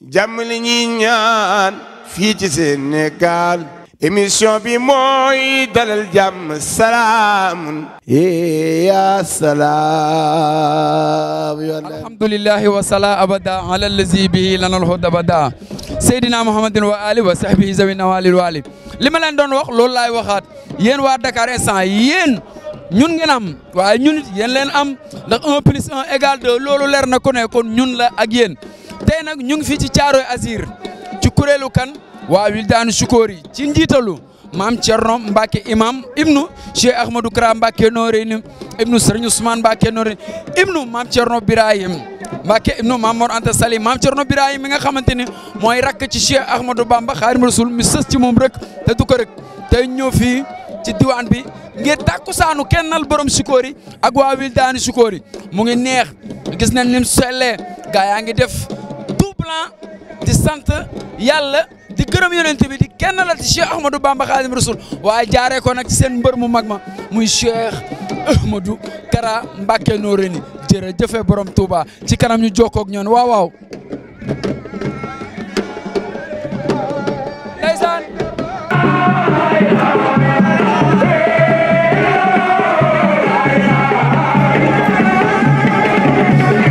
jàmm li ñuy ñaan Sénégal émission bi mooy dalal jàmm salaam eh, ya salaam alhamdulillahi wa sala abada ala allazi bihi lanal hud abada seydina muhammadin wa wa sahbihi zawi nawalil wali li ma leen doon wax loolu laay waxaat yéen waa Dakar instant yéen ñun ngeen am ñun it leen am ndax un plus un égal deux loolu leer na ko ne kon ñun la ak yéen tey nag ñu ngi fii ci Caaroy Azir ci kuréelu kan waa Wildaanu Sukóor yi ci njiitalu maam Thierno Mbacke imam ibnu Cheikh Ahmadou Kara Mbacke Noreyni ibnu Serigne Ousmane Mbacke Noreyni ibnu maam Thierno Birahim Mbacke ibnu maam Mor Anta Sali maam Thierno Birahim mi nga xamante ni mooy rakk ci Cheikh Ahmadou Bamba Xaadimu Rasuul mi sës ci moom rek te du ko rek tey ñëw fii ci diwaan bi ngir tàkkusaanu kennal borom Sukóor yi ak waa Wildaanu Sukóor yi mu ngi neex gis nañ ni yaa ngi def. plan di sant yàlla di gërëm yonent bi di kenn la ci Cheikh Ahmadou Bamba Khadim Rasoul waaye jaaree ko nag ci seen mbër mu mag ma muy Cheikh Ahmadou Kara Mbacké Noreyni jërëjëf borom Touba ci kanam ñu jokkoo ñoon waaw waaw.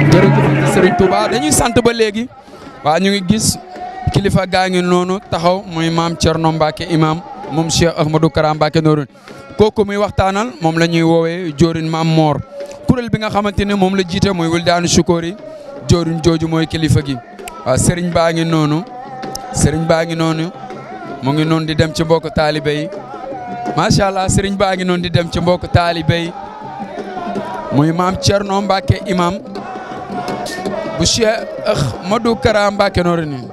jërëjëf Serigne Touba dañuy sant ba léegi. waaw ñu ngi gis kilifa gaa ngi noonu taxaw muy maam Thierno Mbacke imam moom Cheikh Ahmadou Kara Mbacke Noreyni kooku muy waxtaanal moom la ñuy woowe Joorin Maam Moor kuréel bi nga xamante ne moom la jiite muy daanu Sukóori Joorin jooju mooy kilifa gi waaw Serigne baa ngi noonu Serigne baa ngi noonu mu ngi noonu di dem ci mbokku taalibe yi macha allah Serigne baa ngi noonu di dem ci mbokku taalibe yi muy maam Thierno Mbacke imam bushia Cheikh modu karamba kenorini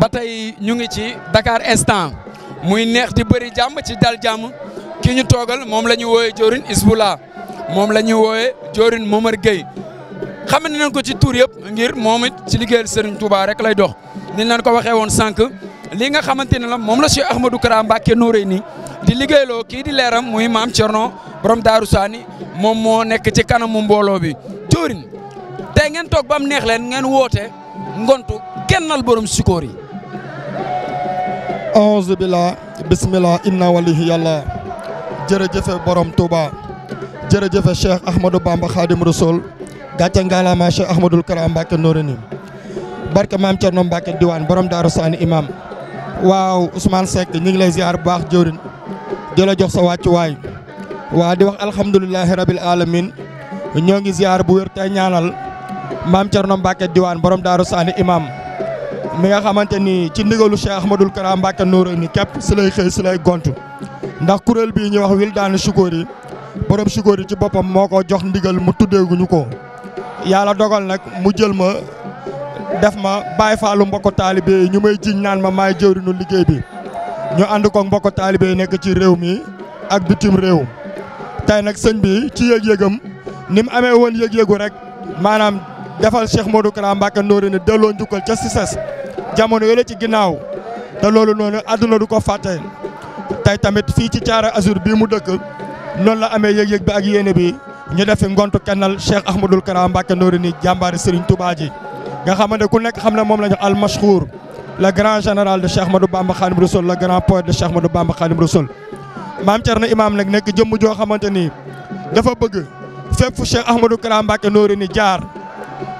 Noreyni ñu ngi ci Dakar instant muy neex di beuri jamm ci dal jamm ki ñu toogal moom la Isbula mom lañu woyé jorin Momar Gueye xamante nañ ko ci tour ngir momit ci liggéeyal Serigne Touba rek lay dox ni lañ ko waxé won sank li nga xamante ne la moom la Cheikh Ahmadou Kara Mbacké Noreyni di liggéeyloo ki di leeram muy mam tierno borom daru sani mom mo nek ci mu mbolo bi jorin tey ngeen tok bam neex ngeen ngontu kennal borom sukori yi. bismillah inna wallahi yallah jërëjëfe borom Touba jërëjëfe Cheikh Ahmadou Bamba Khadim Rasoul gàcce ngalaama Cheikh Ahmadoul Karam Mbacke Noreyni barke maam Thierno Mbacke diwaan borom Darou Sani imam waaw Ousmane Seck ñu ngi lay ziar bu baax jëwrin di la jox sa wàccuwaay waa di wax alhamdulilahi rabil alamin ñoo ngi ziar bu wér tey ñaanal maam Thierno Mbacke diwaan borom Darou Sani imam mi xamante ni ci ndigalu Cheikh Ahmadoul Karam Mbacke Noreyni képp si lay xëy si lay gontu. ndax kuréel bii ñuy wax Wildaane Chikori borom Chikori ci boppam moo ko jox ndigal mu tuddeeguñu ko yalla dogal nag mu jël ma def ma bàyyi faalu mbokk taalibe yi ñu may jiñ naan ma maay jëwriñu liggéey bi ñu ànd ko mbokk taalibe yi nekk ci réew mi ak bitim réew tay nag sëñ bi ci yëg yéegam ni mu amee woon yëg-yëgu rek maanaam defal Cheikh Modou Kara Mbacké Noreyni delloo njukkal ca Cissesse jamono yële ci ginnaaw te loolu noonu àdduna du ko fàtte. tey tamit fii ci Thiaroye Azur bii mu dëkk noonu la amee yëg-yëg bi ak yéene bi ñu def fi ngontu kennal Cheikh Ahmadul Kara Mbacke Noreyni jàmbaari Serigne Touba ji nga xamante ku nekk xam ne moom la al mashhour le grand général de Cheikh Ahmadou Bamba Khadim Rassoul le grand poète de Cheikh Ahmadou Bamba Khadim Rassoul maam Thierno Imaam nag nekk jëmm joo xamante ni dafa bëgg fépp fu Cheikh Ahmadou Kara Mbacke Noreyni jaar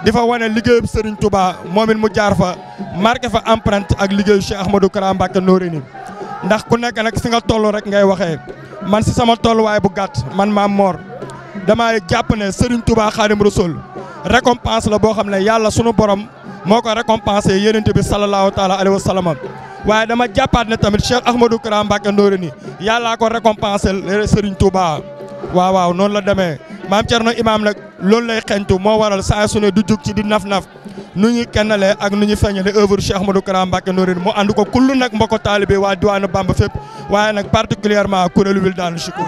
di fa wane liggéeyub sëriñ Touba moom it mu jaar fa marqué fa empreinte ak liggéeyu Cheikh Ahmadou Kara Mbacke Noreyni ndax ku nekk nag si nga toll rek ngay waxee man si sama tolluwaay bu gàtt man maam Mor dama jàpp ne Serigne Touba Khadim Rasoul récompense la boo xam ne yàlla sunu borom moo ko récompensé yonent bi sallallahu taala alayhi wa sallam waaye dama jàppaat ne tamit Cheikh Ahmadou Kara Mbacké Noreyni yàllaa ko récompensé Serigne Touba waaw waaw noonu la demee maam Thierno Imaam nag loolu lay xeñtu moo waral saa sunu du jug ci di naf-naf. nu ñuy kennalee ak nu ñuy feeñalee œuvre Cheikh Ahmadou Kara Mbacké Noreyni mu ànd ko kullu nag mbokk taalibe waa diwaanu Bamba fépp waaye nag particulièrement kuréelu wil daanu Chikour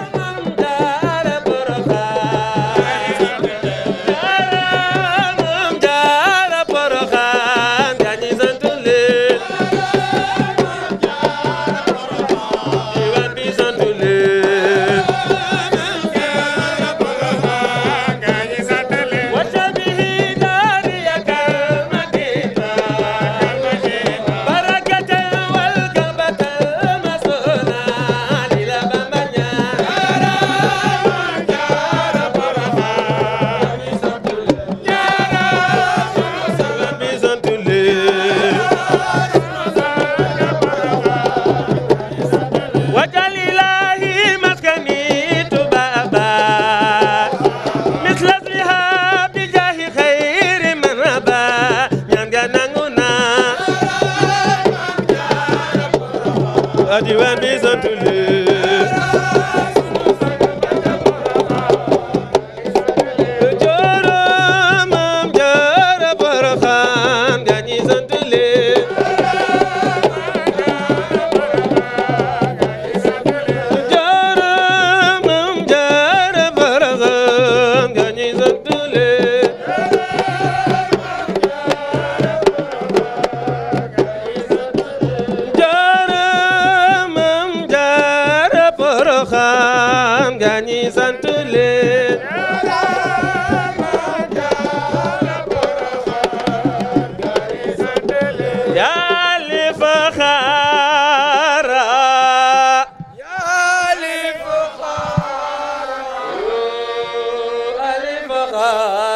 나가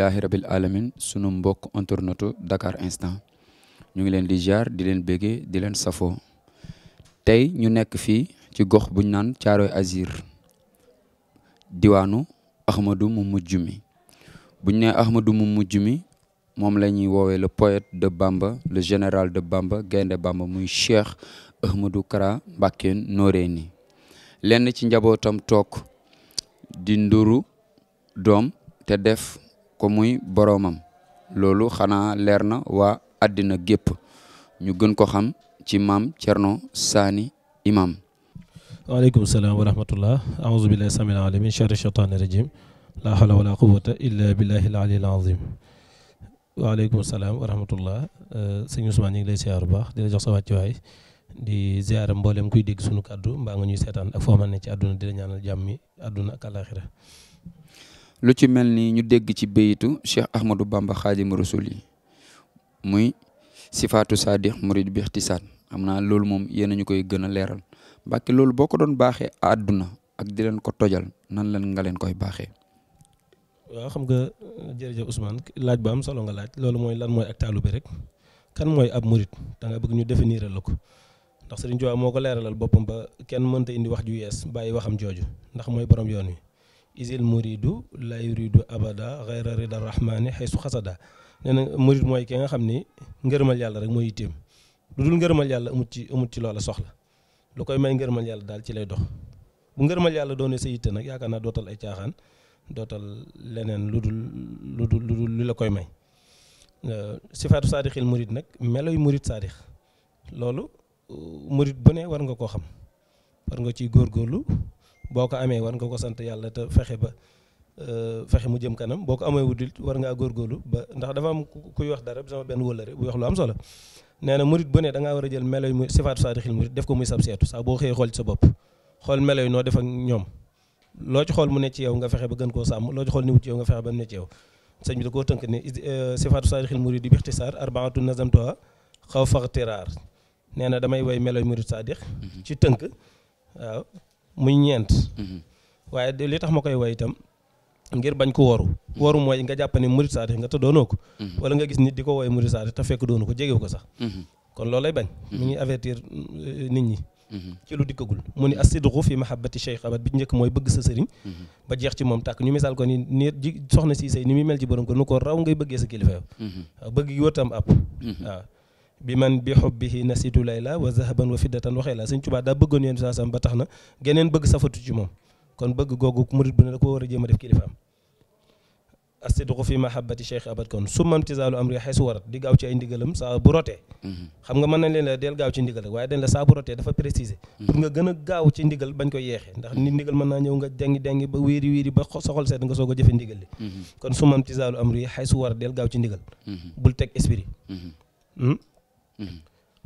rabbil alamin sunu mbokk Dakar Instant ñu ngi leen di jaar di leen di leen safo Azir diwanu Ahmadou mu bunia buñ Ahmadou le poète de Bamba le général de Bamba gaynde Bamba muy Cheikh Ahmadou Kara Noreni. lenn ci njabootam toog di nduru def ko muy boroomam loolu xanaa leer na waa àddina gépp ñu gën ko xam ci maam Cerno Saani Imaam. waaleykum salaam wa rahmatullah aouzu billahi samil alim min charri cheytaani rajim laa hawla wala quwata illa billahi il ali al azim waaleykum salaam wa rahmatullah euh, sëñ Ousmane ñu ngi lay siyaar bu baax di jox sa wàccuwaay di ziara mboolem kuy dégg sunu kàddu mbaa nga ñuy seetaan ak foo mën ne ci àdduna di la ñaanal jàmmi àdduna ak àllaaxira lu ci melni ni ñu dégg ci beyitu Cheikh Ahmadou Bamba khadim rasouli mui muy sifatu sadiq murid bi ihtisan amna lool mom yeena ñukoy gëna léral baki lool boko don baxé aduna ak di len ko tojal nan len nga len koy baxé wa xam nga jërëjëf Ousmane laaj ba am solo nga laaj lool moy lan moy ak rek kan moy ab murid da nga bëgg ñu définir lako ndax serigne djowa moko léralal bopam ba kenn mënta indi wax ju yes bayyi waxam jooju ndax moy borom yoon إذا المريد لا يريد أبدا غير رضا الرحمن حيث خسدا نانا مريد موي كيغا خامني نغيرمال يالا رك موي تيم لودول نغيرمال يالا اموتي اموتي لولا سوخلا لوكاي ماي نغيرمال يالا دال تي لاي دوخ بو نغيرمال يالا دوني سييت نك ياكانا دوتال اي تياخان دوتال لنين لودول لودول لودول لاكاي ماي صفات صادق المريد نك ملوي مريد صادق لولو مريد بني وارغا كو خام وارغا تي boo ko amee war nga ko sant yàlla te fexe ba euh, fexe mu jëm kanam boo ko amee wudil war ngaa góorgóorlu ba ndax dafa am kuy wax dara sama benn rek bu wax lu am solo nee na murit bu ne da ngaa war a jël melo yi sifaatu saadixil murit ko muy sab seetu saa boo xëyee sa bopp xool melo noo def ak ñoom loo ci xool mu ne ci yow nga fexe ba gën koo sàmm loo ci xool ni wut ci yow nga fexe ba mu ne ci yow sëñ bi da koo tënk ne euh, sifaatu saadixil murit di bixtisaar arbaatu nazamtuha xaw faxtiraar nee na damay woy melo murit saadix mm-hmm. ci tënk waaw muy ñeent mhm. waaye li tax ma koy way itam ngir bañ ko woru mhm. woru mooy nga jàpp ne murit saadix nga te doonoo ko mhm. wala nga gis nit di ko woy murit saadix te fekk doonu ko jegew ko sax kon loolu lay bañ mu ngi avertir euh, nit ñi ci lu dikkagul mu ni asidru fi mahabbati cheikh abat bi njëkk mooy bëgg sa sëriñ ba jeex ci moom tàkk ñu misaal ko ni ni soxna si sëy ni muy mel ci borom ko nu ko raw ngay bëggee sa kilifa yow bëgg gi wërtam ab waaw bi man bi xob bi nasidu layla wa zahaban wa fiddatan waxee la sëñ Tuubaa daa bëggoon yéen saa sam ba tax na geneen bëgg safatu ci moom kon bëgg googu murit bu ne da ko war a jéem a def kilifaam asidqu fi mahabbati cheikh abad kon sumam tisaalu amri xeesu warat di gaaw ci ay ndigalam saa bu rotee xam nga mën nañ leen la deel gaaw ci ndigal rek waaye dañ la saa bu rotee dafa préciser pour nga gën a gaaw ci ndigal bañ koy yeexee ndax ni ndigal mën naa ñëw nga dengi dengi ba wiiri wiiri ba soxol seet nga soog a jëfe ndigal li kon sumam tisaalu amri xeesu warat deel gaaw ci ndigal bul teg esprit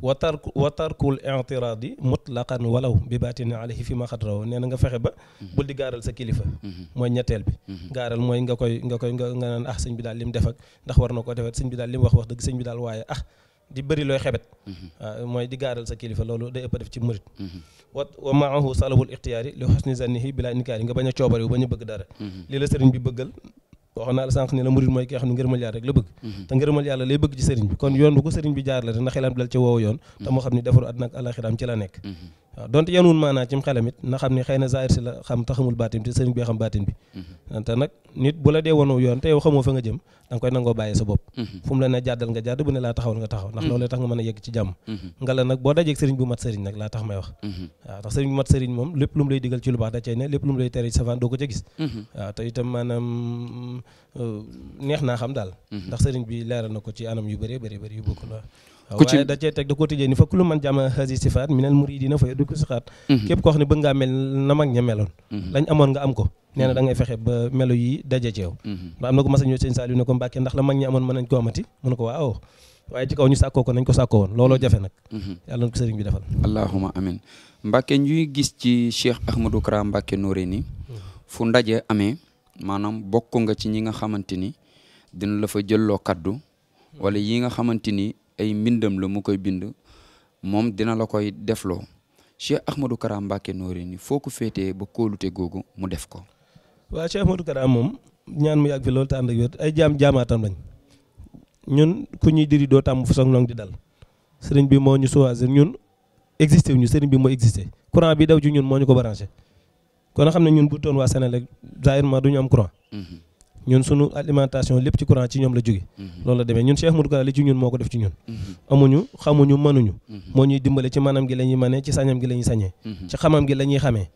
وترك وترك الاعتراض مطلقا ولو بباتن عليه فيما fi ma xat nga fexe ba buldi garal sa kilifa moy ñettel bi garal moy nga koy nga koy nga nan ah sëñ bi dal lim def ak ndax war nako ko defet sëñ bi dal lim wax wax deug sëñ bi dal waye ah di bëri loy xebet moy di garal sa kilifa lolu day ëpp def ci murit wa wa maahu salabul ikhtiyari li husni zannihi bila inkari nga baña ciobari bañu bëgg dara li la señ bi bëggal waxoon naa la sànq ne la murid mooy ki xam ne ngërëmal yàlla la bëgg mhm. te ngërëmal yàlla lay bëgg ci sëriñ bi kon yoon bu ko sëriñ bi jaar la te na xelam dal ci woowu yoon mhm. te xam ne defaru àddina ak alaxiraam ci la nekk mhm. waaw donte yanuun maanaa cim xelam it na xam ne xëy na zaahir si la xam te xamul baatin te sëriñ bi xam baatin bi mhm. wante nag nit bu la dee wonoo yoon te yow xamoo fa nga jëm da nga koy nangoo bàyyi sa bopp mhm. fu mu la ne jàddal nga jàdd bu ne laa taxawal nga taxaw ndax mhm. loolee tax nga mën a yegg ci la nag boo dajeeg sëriñ bu moom lépp lu mu lay digal ci lu baax da cay ne euh, naa xam daal ndax sëriñ bi leeral na ko ci anam yu bëree bëri bëri yu bokkul waaw ku ci da teg da koo tijjee ni fa ku lu xasi sifaat minal muridina fa yaddu ko sixaat mhm. képp koo xam ne bëgg ngaa mel na mag ña meloon mhm. lañ amoon nga am ko nee na da fexe melo yi daje ci yow mhm. am na ko mas a ñëw sëñ Saliou ne ko Mbàkke ndax la mag ñi amoon mën nañ ko amati mu ne ko waaw waaye ci kaw ñu sàkkoo ko nañ ko sàkkoo woon looloo jafe nag yàlla na ko sëriñ bi defal allahuma amin Mbàkke ñuy gis ci Cheikh Ahmadou Kara Mbàkke Noreyni nga ci ñi nga xamante ni dina la fa jëlloo kaddu wala yi nga xamante ni ay mbindam la mu koy bind moom dina la koy defloo Cheikh Ahmadou Kara Mbacké Noreyni foo ko féetee ba kóolute googu mu def ko. waaw Cheikh Ahmadou Kara moom ñaan mu yàgg fi loolu te ànd ak wér ay jaam jaamaatam lañ ñun ku ñuy diri doo tàmm fu soog di dal sëriñ bi moo ñu choisir ñun existé wu ñu sëriñ bi moo existé courant bi daw ci ñun moo ñu ko branché kon xam ne ñun bu doon waa Sénégal zaahirement du ñu am courant. Mhm. ñun suñu alimentation lépp ci courant ci ñoom la jóge mm-hmm. loolu la demee ñun Cheikh Modou Kara li moo ko def ci ñun mm-hmm. amuñu mm-hmm. la ñuy manee ci sañam gi la ñuy sañee ci gi la ñuy xamee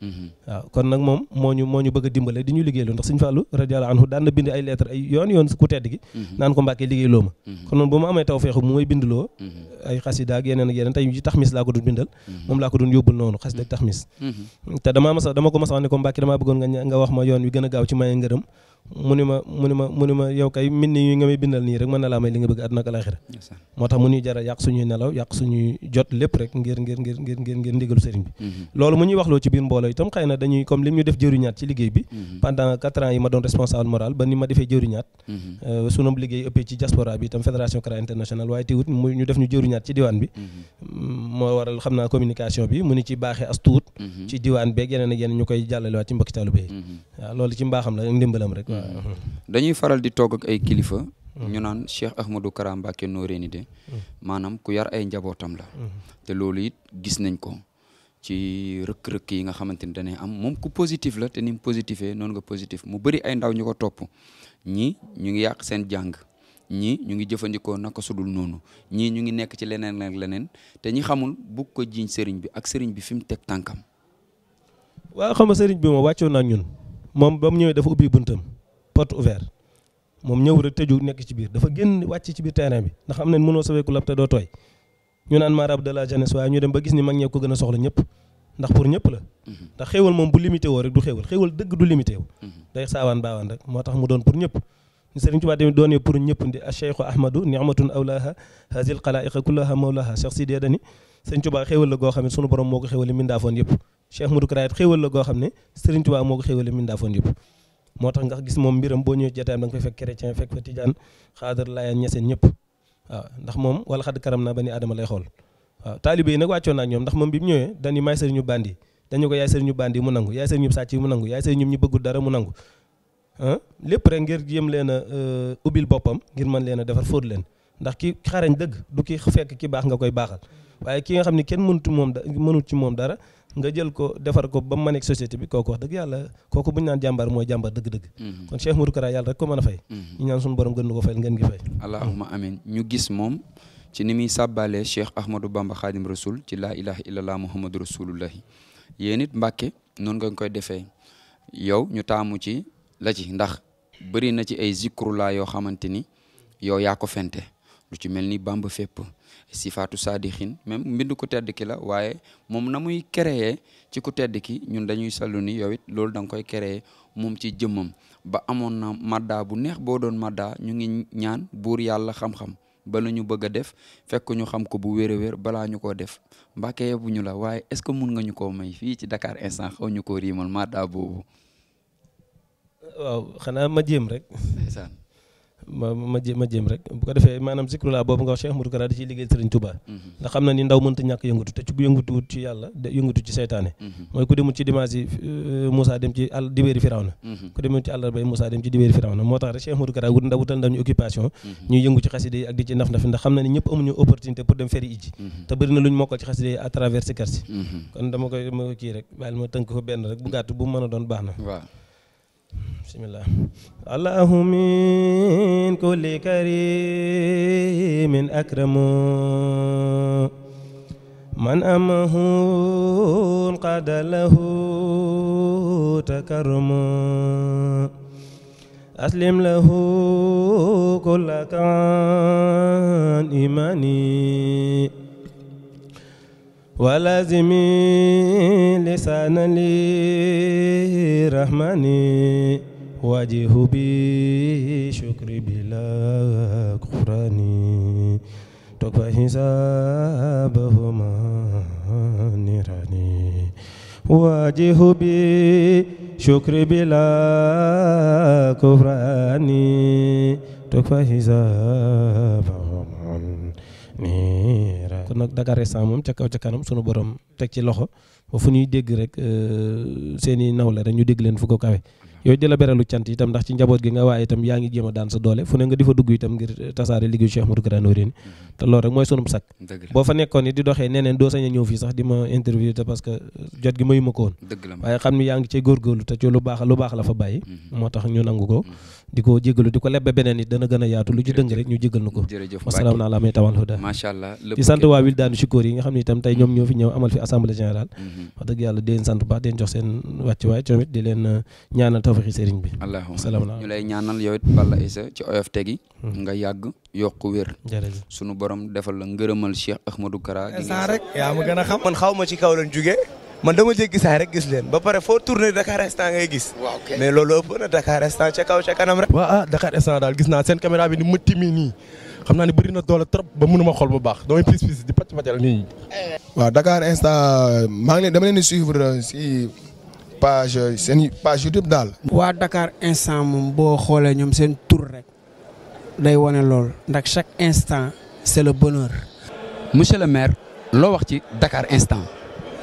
waaw kon nag moom moo ñu moo ñu bëgg a dimbale di ñu liggéeyloo ndax Sëñ Fallou radiyallahu anhu daan na bind ay lettre ay yoon yoon ku tedd gi naan ko Mbàkke liggéey loo ma kon noonu bu ma amee tawfeexu mu may bindloo ay xasida ak yeneen ak yeneen tey ji taxmis laa ko doon bindal moom laa ko doon yóbbul noonu xasida ak taxmis te dama masa dama ko masa wax ko Mbàkke dama bëggoon nga nga ma yoon wi gën a gaaw ci maye ngërëm mu ni ma mu ni ma mu ni ma yow kay mbind yi nga may bindal nii rek mën na laa may li nga bëgg àdduna ak alaaxira moo tax mu ñuy jara yàq suñuy nelaw yàq suñuy jot lépp rek ngir ngir ngir ngir ngir ngir ndigalu sëriñ bi mhm. loolu mu ñuy waxloo ci biir mbooloo itam xëy na dañuy comme lim ñu def jëriñaat ci liggéey bi mhm. pendant quatre ans yi ma doon responsable moral ba ni ma defee jëriñaat mhm. euh, sunam liggéey ëppee ci diaspora bi itam fédération CRA internationale waaye teewut mu ñu moo waral xam naa communication bi mu ni ci baaxee as tuut mhm. ci diwaan bee geneen a yeneen ñu koy jàllalewaat ci mbokki taalibe yi mhm. waaw loolu ci mbaaxam la ak ndimbalam rek mhm. dañuy faral di toog ay kilifa ñu naan Cheikh Ahmadou Kara Mbacké Noreyni de maanaam ku yar ay njabootam la te loolu it gis nañ ko ci rëkk-rëkk yi nga xamante ni danay am moom ku positif la te ni mu positifee noonu nga positif mu bëri ay ndaw ñu ko topp ñi ñu ngi yàq seen jàng ñii ñu ngi jëfandikoo naka sudul noonu ñii ñu ngi nekk ci leneen ak leneen te ñi xamul bugg ko jiiñ sëriñ bi ak sëriñ bi fi mu teg tànkam. waa xam nga sëriñ bi moom wàccoon naa ñun moom ba mu ñëwee dafa ubbi buntam porte ouverte moom ñëw rek tëju nekk ci biir dafa génn wàcc ci biir terrain bi ndax am nañ mënoo saweeku lab te doo tooy ñu naan marab de la jeunesse waaye ñu dem ba gis ni mag ñee ko gën a soxla ñëpp ndax pour ñëpp la mhm. ndax xéewal moom bu limité woo rek du xéewal xéewal dëgg du limité wu mhm. day saawaan rek moo tax mu doon pour ñëpp Sëriñ Tuubaa tamit doone pour ñëpp ndi a cheikhu ahmadou niamatun awlaha hasil xalaiqa kullaha mawlaha Cheikh Sidiya dani Sëriñ Tuubaa xéewal la goo xam ne sunu borom moo ko xéewale mindaafoon yëpp Cheikh Modou la goo xam ne Sëriñ Tuubaa moo ko xéewale mindaafoon yëpp moo tax nga gis moom mbiram boo ñëwee jotaayam da nga fay fekk chrétien fekk fa tijaan xaadar laayaan ñeseen ñëpp waaw ndax moom wala xad karam naa ba ni aadama lay xool waaw taalibe yi nag wàccoon naa ñoom ndax moom bi mu ñëwee dañu may sëriñu bandi dañu lépp rek ngir jéem leen a euh, ubbil boppam ngir mën leen a defar fóot leen ndax ki xarañ dëgg du ki fekk ki baax nga koy baaxal waaye ki nga xam ne kenn mënut moom da mënut ci moom dara nga jël ko defar ko ba mu mën ak bi kooku wax dëgg yàlla kooku bu naan jàmbaar mooy jàmbaar dëgg-dëgg mm-hmm. kon Cheikh Modou Kara yàlla rek ko mën a fay mm-hmm. ñu ñaan suñu borom gën na ko fay ngeen ngi fay ñu gis moom ci ni muy sàbbaale Cheikh Ahmadou Bamba Khadim Rasoul ci laa ilaha illallah Muhammadu Rasulullahi yéen it Mbàkke noonu nga koy defee yow ñu taamu ci la ndax bëri na ci ay zikru yoo xamante ni yow yaa ko fente lu ci mel ni bamba fépp sifaatu saadixin même mbindu ku tedd ki la waaye moom na muy créer ci ku tedd ki ñun dañuy sallu ni yowit it loolu da nga koy créer moom ci jëmmam ba amoon na madda bu neex boo doon madda ñu ngi ñaan buur yàlla xam-xam bala ñu bëgg a def fekk ñu xam ko bu wér a wér balaa ñu koo def mbàkke yebu ñu la waaye est-ce que mun nga ñu koo may fii ci Dakar instant xaw ñu ko riimal madda boobu waaw xanaa ma jéem rek. ndeysaan. ma ma ma bu ko defee maanaam zikrullah boobu nga wax Cheikh Mourou Kara di ci liggéey Serigne Touba. Mhm. ndax xam na ni ndaw mënta ñàkk yëngatu te ci bu yëngatuwut ci yàlla yëngatu ci seytaane mhm. mooy ku demul ci euh, dem ci àll di Firawna mhm. ku demul ci àllarba yi Moussa dem ci dibéeri Firawna moo tax rek Cheikh Mourou Kara wut ndaw wutal ndaw ñu occupation ñuy yëngu ci xaside ak di ci naf nafi ndax xam na ni ñëpp amuñu opportunité pour dem feri ijji te bëri na lu ñu mokkal ci xaside ko benn rek bu gàtt bu doon baax na بسم الله الله من كل كريم أكرم من أمه قد له تكرم أسلم له كل كان إيماني ولازم لسان لي رحمني واجه بي شكر بلا كفراني تكفى حسابهما نيراني واجه بي شكر بلا كفراني تكفى حسابهما نيراني kon nag Dakar instant moom ca kaw ca kanam sunu borom teg ci loxo ba fu ñuy dégg rek euh, seen i nawle rek ñu dégg leen fu ko kawe yooyu di la beralu cant itam ndax ci njaboot gi nga waaye itam yaa ngi jéem a daan sa doole fu ne nga di fa dugg itam ngir tasaare liggéey Cheikh Modou Kara Noreyni mm-hmm. te loolu rek mooy sunum sak boo fa nekkoon ni di doxee neneen doo sañ a ñëw fii sax di ma interview te parce que jot gi mayu ma ko woon waaye xam ne yaa ngi cay góorgóorlu te ci lu baax lu baax la fa bàyyi mm-hmm. moo tax ñu nangu ko mm-hmm. di ko jégalu di ko lebbe beneen it dana gën a yaatu lu ci rek ñu jégal na ko wasalaam na ala may tawal huda di sant waa wil daanu sikoor yi nga xam ne itam tey ñoom ñoo fi ñëw amal fi assemblée générale mhm. wax sant bu baax jox seen wàcc waay coomit di leen euh, ñaanal tawfeexi sëriñ bi allahumma ñu lay ñaanal yow Balla Issa ci oyof tegi hmm. nga yàgg yokk wér sunu borom defal la ngërëmal Cheikh Ahmadou Kara gi rek yaa ma gën a xam man xaw ma man dama jéggi gisa rek gis leen ba pare foo tourné Dakar instant ngay gis. mais loolu ëpp na Dakar kaw ca kanam rek. Ah, gis naa seen caméra bi ni ma timmi xam naa ne bëri na doole trop ba mënuma xool bu baax damay pis pis di pàcc pàccal nii. waaw Dakar instant maa ngi leen dama leen di suivre si page seen page YouTube daal. waa Dakar instant moom boo xoolee ñoom seen tour rek wane lool ndax chaque instant c'est le bonheur. monsieur le maire loo wax ci Dakar instant.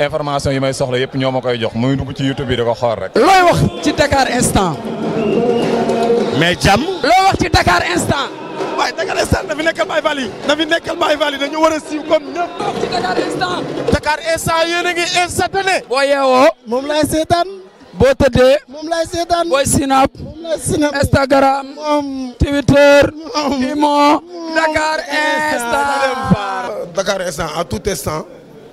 information yi may soxla yëpp ñoo ma koy jox muy dugg ci YouTube bi da ko xool rek. looy wax ci Dakar instant. mais jàmm. looy wax ci Dakar instant. Dakar instant na fi instant. Dakar boo yeewoo. moom laay seetaan. boo tëddee. moom laay seetaan. booy sinap. moom laay sinap Instagram. moom Twitter. Dakar instant. Dakar instant à tout instant.